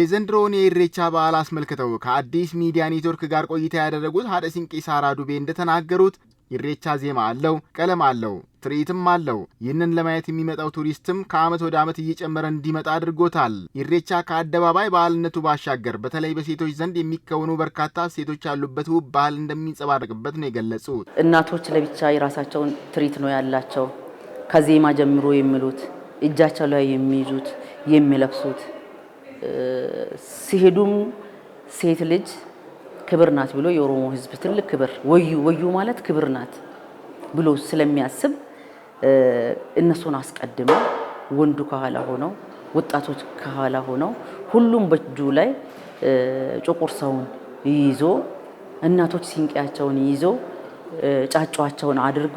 የዘንድሮውን የኢሬቻ በዓል አስመልክተው ከአዲስ ሚዲያ ኔትወርክ ጋር ቆይታ ያደረጉት ሀደ ሲንቄ ሳራ ዱቤ እንደተናገሩት ኢሬቻ ዜማ አለው፣ ቀለም አለው፣ ትርኢትም አለው። ይህንን ለማየት የሚመጣው ቱሪስትም ከዓመት ወደ ዓመት እየጨመረ እንዲመጣ አድርጎታል። ኢሬቻ ከአደባባይ በዓልነቱ ባሻገር በተለይ በሴቶች ዘንድ የሚከወኑ በርካታ ሴቶች ያሉበት ውብ ባህል እንደሚንጸባረቅበት ነው የገለጹት። እናቶች ለብቻ የራሳቸውን ትርኢት ነው ያላቸው። ከዜማ ጀምሮ የሚሉት እጃቸው ላይ የሚይዙት የሚለብሱት ሲሄዱም ሴት ልጅ ክብር ናት ብሎ የኦሮሞ ህዝብ ትልቅ ክብር ወዩ ወዩ ማለት ክብር ናት ብሎ ስለሚያስብ እነሱን አስቀድመው ወንዱ ከኋላ ሆነው ወጣቶች ከኋላ ሆነው ሁሉም በእጁ ላይ ጭቁር ሰውን ይዞ እናቶች ሲንቄያቸውን ይዞ ጫጫቸውን አድርጎ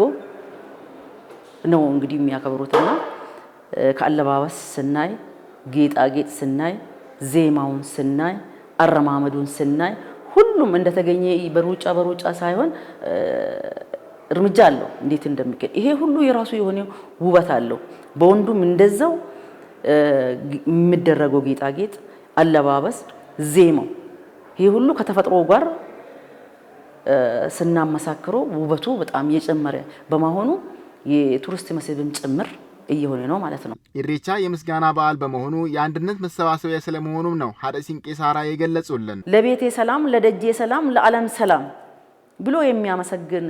ነው እንግዲህ የሚያከብሩትና ከአለባበስ ስናይ ጌጣጌጥ ስናይ ዜማውን ስናይ አረማመዱን ስናይ ሁሉም እንደተገኘ በሩጫ በሩጫ ሳይሆን እርምጃ አለው እንዴት እንደሚገኝ። ይሄ ሁሉ የራሱ የሆነ ውበት አለው። በወንዱም እንደዛው የሚደረገው ጌጣጌጥ፣ አለባበስ፣ ዜማው ይሄ ሁሉ ከተፈጥሮ ጋር ስናመሳክሮ ውበቱ በጣም የጨመረ በመሆኑ የቱሪስት መስህብም ጭምር እየሆነ ነው ማለት ነው። ኢሬቻ የምስጋና በዓል በመሆኑ የአንድነት መሰባሰቢያ ስለመሆኑም ነው ሀደ ሲንቄ ሳራ የገለጹልን። ለቤቴ ሰላም፣ ለደጄ ሰላም፣ ለዓለም ሰላም ብሎ የሚያመሰግን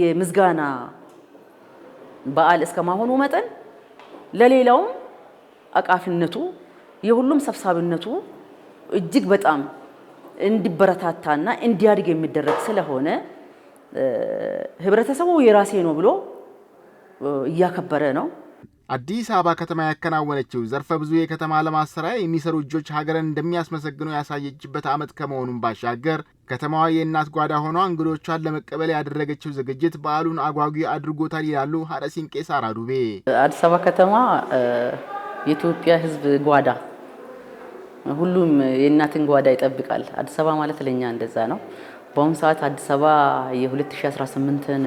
የምስጋና በዓል እስከ መሆኑ መጠን ለሌላውም አቃፊነቱ የሁሉም ሰብሳቢነቱ እጅግ በጣም እንዲበረታታና እንዲያድግ የሚደረግ ስለሆነ ህብረተሰቡ የራሴ ነው ብሎ እያከበረ ነው። አዲስ አበባ ከተማ ያከናወነችው ዘርፈ ብዙ የከተማ ልማት ስራ የሚሰሩ እጆች ሀገርን እንደሚያስመሰግኑ ያሳየችበት ዓመት ከመሆኑም ባሻገር ከተማዋ የእናት ጓዳ ሆኗ እንግዶቿን ለመቀበል ያደረገችው ዝግጅት በዓሉን አጓጊ አድርጎታል ይላሉ ሀረ ሲንቄ አራዱቤ። አዲስ አበባ ከተማ የኢትዮጵያ ሕዝብ ጓዳ፣ ሁሉም የእናትን ጓዳ ይጠብቃል። አዲስ አበባ ማለት ለእኛ እንደዛ ነው። በአሁኑ ሰዓት አዲስ አበባ የ2018ን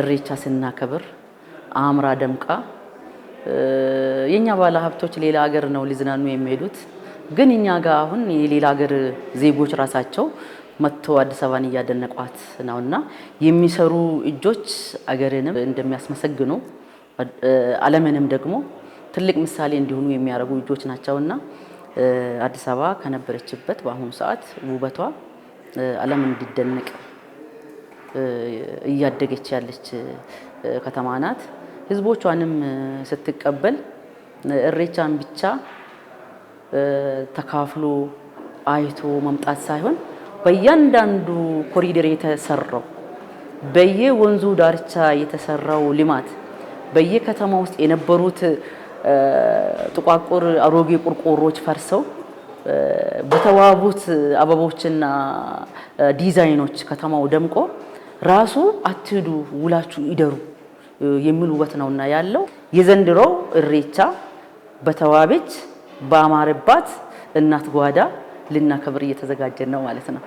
እሬቻ ስናከብር አምራ ደምቃ የኛ ባለ ሀብቶች ሌላ ሀገር ነው ሊዝናኑ የሚሄዱት፣ ግን እኛ ጋር አሁን የሌላ ሀገር ዜጎች ራሳቸው መጥቶ አዲስ አበባን እያደነቋት ነውና የሚሰሩ እጆች አገርንም እንደሚያስመሰግኑ ዓለምንም ደግሞ ትልቅ ምሳሌ እንዲሆኑ የሚያደርጉ እጆች ናቸውና አዲስ አበባ ከነበረችበት በአሁኑ ሰዓት ውበቷ ዓለም እንዲደነቅ እያደገች ያለች ከተማ ናት። ህዝቦቿንም ስትቀበል እሬቻን ብቻ ተካፍሎ አይቶ መምጣት ሳይሆን በእያንዳንዱ ኮሪደር የተሰራው በየወንዙ ዳርቻ የተሰራው ልማት በየከተማ ውስጥ የነበሩት ጥቋቁር አሮጌ ቆርቆሮች ፈርሰው በተዋቡት አበቦችና ዲዛይኖች ከተማው ደምቆ ራሱ አትሂዱ ውላችሁ ይደሩ የሚል ውበት ነውና ያለው የዘንድሮ እሬቻ በተዋበች በአማረባት እናት ጓዳ ልናከብር እየተዘጋጀን ነው ማለት ነው።